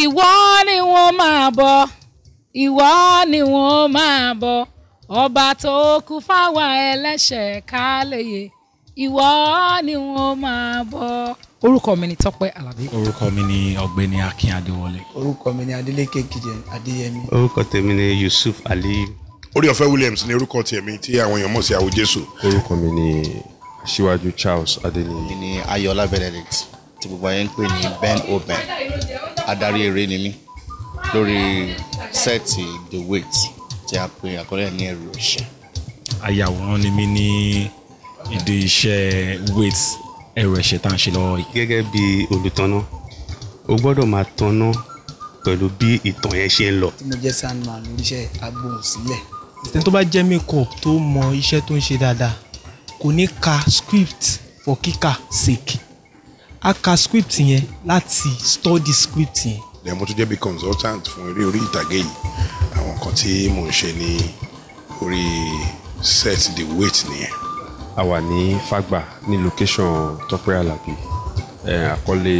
ìwọ ni wọ́n máa bọ ìwọ ni wọ́n máa bọ ọba tó kú fáwa ẹlẹ́ṣẹ̀ ká ìwọ ni wọ́n máa bọ. orúkọ mi ni Tọ́pẹ́ Alábí. orúkọ mi ni ọ̀gbẹ́ni Akin Adéwọlé. orúkọ mi ni Adeleke Gideon Adéyẹmí. orúkọ tèmi ni Yusuf Aliyu. Oríọ̀fẹ́ Williams ni orúkọ tèmi tí àwọn èèyàn mọ̀ sí àwò Jésù. orúkọ mi ni Aṣíwájú Charles Adéníyì. mi ni Ayọ̀lá Benedict tí gbogbo ayé ń pè ní Ben Oben adarí eré ni mí lórí sẹ́ẹ̀tì the wait tí a pè àkọlé ní ẹrù òṣà. ayàwòrán ni mí ní ìdí iṣẹ́ wait ẹrù ẹ̀ṣẹ̀ tá à ń ṣe lọ́wọ́ yìí. gẹ́gẹ́ bí olùtọ́nà o gbọ́dọ̀ máa tọ́nà pẹ̀lú bí ìtàn yẹn ṣe ń lọ. tí mo jẹ́ sandman oníṣẹ́ agbóhùn sílẹ̀. ìtẹ́ni tó bá jẹ́ makeup tó mọ iṣẹ́ tó ń ṣe dáadáa kò ní ka script for kíkà sake a ka script yẹn láti study script yẹn. ẹ mo tún jẹ́ bí consultant fún eré orí ìtàgé yìí àwọn kan tí mò ń ṣe ní orí set the weight nìyẹn. a wà ní Fagba ní location Tọ́pẹ́ Àlàbí àkọlé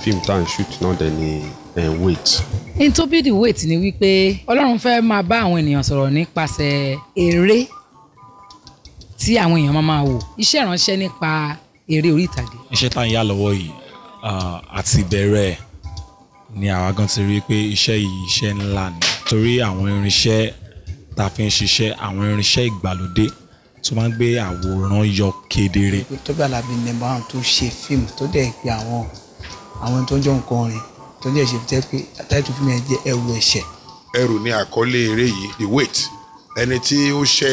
fíìmù tá à ń shoot náà dẹ̀ ní weight. in tó bí the weight ni wípé Ọlọ́run fẹ́ máa bá àwọn ènìyàn sọ̀rọ̀ nípasẹ̀ eré tí àwọn èèyàn máa máa wò iṣẹ́ ìránṣẹ́ nípa eré orí ìtàgé. iṣẹ́ tá à ń yá lọ́wọ́ yìí àti bẹ̀rẹ̀ ni àwa gan ti rí i pé iṣẹ́ yìí iṣẹ́ ńlá ni torí àwọn irinṣẹ́ tá a fi ń ṣiṣẹ́ àwọn irinṣẹ́ ìgbàlódé tó máa ń gbé àwòrán yọ kedere. Tóbi Àlàbí ni bá wọn tó ṣe fíìmù tó dẹ̀ pé àwọn àwọn tó ń jọ nǹkan rìn tó dẹ̀ ṣe tẹ́ pé táìtù fíìmù yẹn jẹ́ ẹrù ẹ̀ṣẹ̀. ẹrù ni àkọlé eré yìí the weight ẹni tí ó ṣe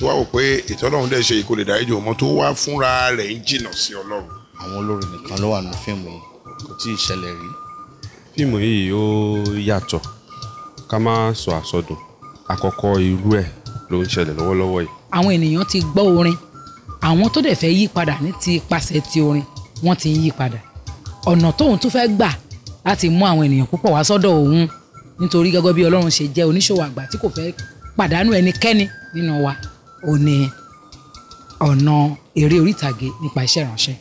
tó wá wò pé ìtọ́lọ́run dẹ̀ ṣe ìkó lè dáríjì òun mọ́ tó wá fúnra rẹ̀ ń jìnà sí ọlọ́run. àwọn olórin nìkan ló wà ní fíìmù yìí kò tí ì ṣẹlẹ̀ rí. fíìmù yìí ó yàtọ̀ ká má sọ àsọdùn àkọ́kọ́ irú ẹ̀ ló ń ṣẹlẹ̀ lọ́wọ́lọ́wọ́ yìí. àwọn ènìyàn ti gbọ́ orin àwọn tó dẹ̀ fẹ́ yí padà ní ti ipasẹ̀ ti orin wọ́n ti ń yí padà ọ̀nà tóun tún fẹ́ gbà láti mú àwọn ènìyàn púpọ̀ wá sọ́dọ̀ òun nítorí gẹ́gẹ́ bí ọlọ́run ṣe jẹ́ oníṣòwò àgbà tí kò fẹ́ pàdánù ẹnikẹ́ni nínú wa o ní ọ̀nà eré orí ìtàgé nípa iṣẹ́ ìránṣẹ́.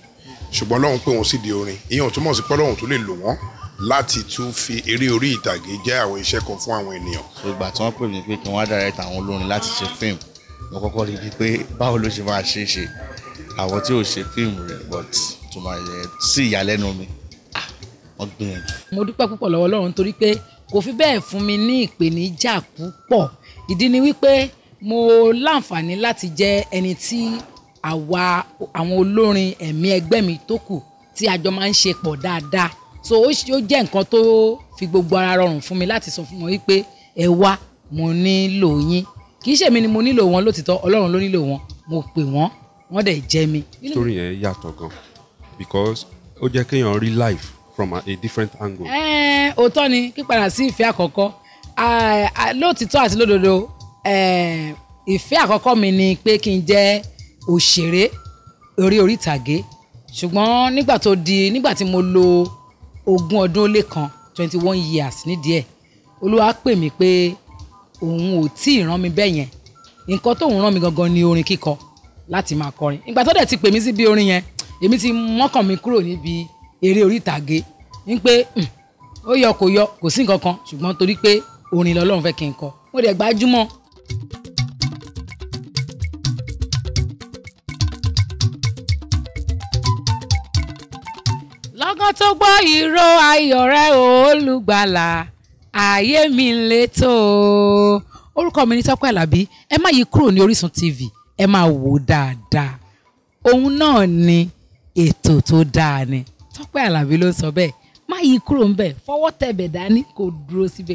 ṣùgbọ́n Ọlọ́run pé wọ́n sì di orin ìyẹn ò túmọ̀ sí pé Ọlọ́run tó lè lò wọ́n láti tún fi eré orí ìtàgé jẹ́ àwọn iṣẹ́ kan fún àwọn ènìyàn. ìgbà tí wọ́n pè mí pé kí wọ́n direct àwọn olórin láti ṣe fíìmù mo kọ́kọ́ rí i pé báwo ló ṣe máa ṣe é ṣe àwọn tí ò ṣe fíìmù rẹ̀ but tó máa yẹ sí ìyàlẹ́nu mi wọ́n gbìyànjú. mo dúpẹ́ púpọ̀ lọ́wọ́ Ọlọ́run torí pé kò fi bẹ́ẹ̀ fún mi ní ìpèníjà púpọ̀ ìdí ni wípé mo láǹfààní láti jẹ́ ẹni tí àwa àwọn olórin ẹ̀mí ẹgbẹ́ mi tó kù tí a jọ máa ń ṣe pọ̀ dáadáa so ó jẹ́ nǹkan tó fi gbogbo ara rọrùn fún mi láti sọ fún wọn wípé ẹ wá mo nílò yín kì í ṣèmi ni mo nílò wọn lótìtọ́ ọlọ́run ló nílò wọn mo pè wọ́n wọ́n dẹ̀ jẹ́ mi. story yẹn yàtọ̀ gan because ó jẹ́ kéèyàn rí life from a, different angle. ẹ ẹ òótọ́ ni kípadà sí ìfẹ́ àkọ́kọ́ lóòtítọ́ àti lódodo Eh, ìfẹ́ àkọ́kọ́ mi ni pé kí n jẹ́ òṣèré orí orí ìtàgé ṣùgbọ́n nígbà tó di nígbà tí mo lo ogún ọdún ó lé kan twenty one years nídìí ẹ̀ olúwa pè mí pé òun ò tí ì rán mi bẹ́ẹ̀ yẹn nǹkan tóun rán mi gangan ni orin kíkọ láti máa kọrin ìgbà tó dẹ̀ ti pè mí sí bí orin yẹn èmi ti mọ́kàn mi kúrò níbi eré orí ń pé hmm, ó yọ kò yọ kò sí nǹkan kan ṣùgbọ́n torí pé orin lọ́lọ́run fẹ́ kí n kọ mo dẹ̀ gbájúmọ́ lọ́gán tó gbọ́ ìró ayọ̀ rẹ olùgbàlà ayé mi ń létò orúkọ mi ní Tọ́pẹ́ Àlàbí ẹ má yí kúrò ní Orísun TV ẹ máa wò dáadáa òun náà ni ètò tó dáa ni Tọ́pẹ́ Àlàbí ló sọ bẹ́ẹ̀ má yí kúrò ń bẹ̀ fọwọ́ tẹ̀bẹ̀ dání kò dúró síbẹ̀.